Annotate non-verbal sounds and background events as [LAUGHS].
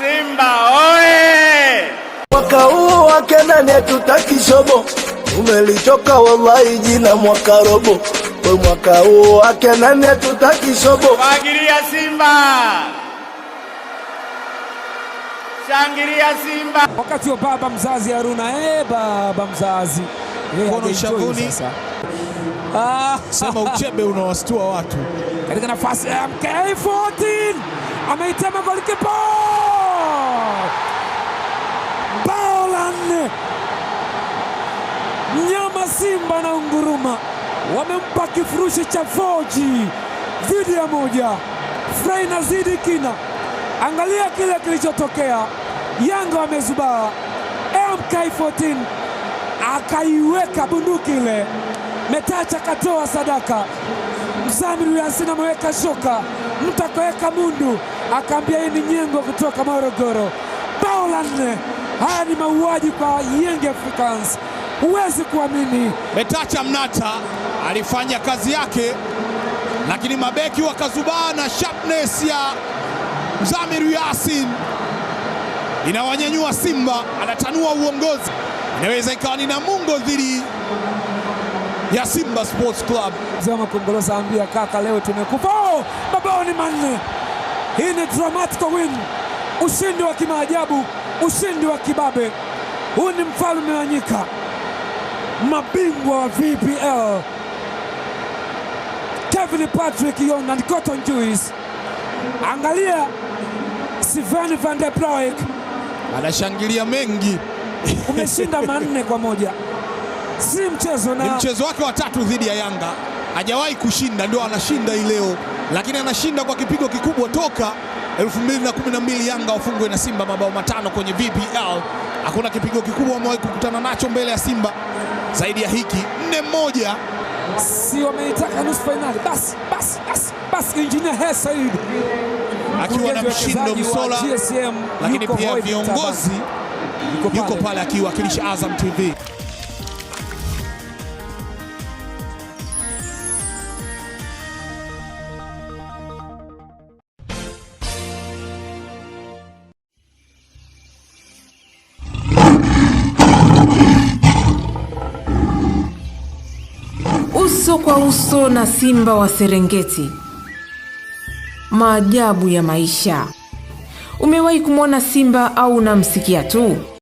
Simba oye! Mwaka huu wake nani hatutaki shobo, umelitoka wallahi jina mwaka robo. Kwa mwaka huu wake nani hatutaki shobo. Fagilia Simba, shangilia Simba. Wakati wa baba mzazi Haruna, eh, baba mzazi kono shavuni ah. [LAUGHS] Sema uchebe unawastua watu katika nafasi ya MK14 ameitema golikipa wanaunguruma, wamempa kifurushi cha 4G dhidi ya moja. Frey nazidi kina, angalia kile kilichotokea. Yanga wamezubaa, MK14 akaiweka bunduki ile, Metacha akatoa sadaka, Msamiri Yasin ameweka shoka, mtu akaweka mundu, akaambia hii ni nyengo kutoka Morogoro. Bao la nne. Haya ni mauaji kwa yenge Africans huwezi kuamini. Metacha Mnata alifanya kazi yake, lakini mabeki wakazubaa na sharpness ya Zamiru Yasin inawanyanyua Simba, anatanua uongozi, inaweza ikawa ni Namungo dhidi ya Simba Sports Club. Zama Kongolosa ambia kaka, leo tumekufa. Oh, mabao ni manne. Hii ni dramatic win, ushindi wa kimaajabu, ushindi wa kibabe. Huu ni mfalme wa nyika mabingwa wa VPL Kevin Patrick Yon and Cotton Juice. Angalia Sven van der Broek anashangilia mengi [LAUGHS] umeshinda manne kwa moja, si mchezo na... ni mchezo wake wa tatu dhidi ya Yanga, hajawahi kushinda, ndio anashinda hii leo, lakini anashinda kwa kipigo kikubwa toka 2012 Yanga wafungwe na Simba mabao matano kwenye VPL. Hakuna kipigo kikubwa amewahi kukutana nacho mbele ya Simba zaidi ya hiki nne moja, si wameitaka nusu fainali? Basi basi basi basi, injinia Hersi Said akiwa na mshindo Msola, lakini pia viongozi yuko pale akiwakilisha Azam TV. uso kwa uso na simba wa Serengeti. Maajabu ya maisha. Umewahi kumwona simba au unamsikia tu?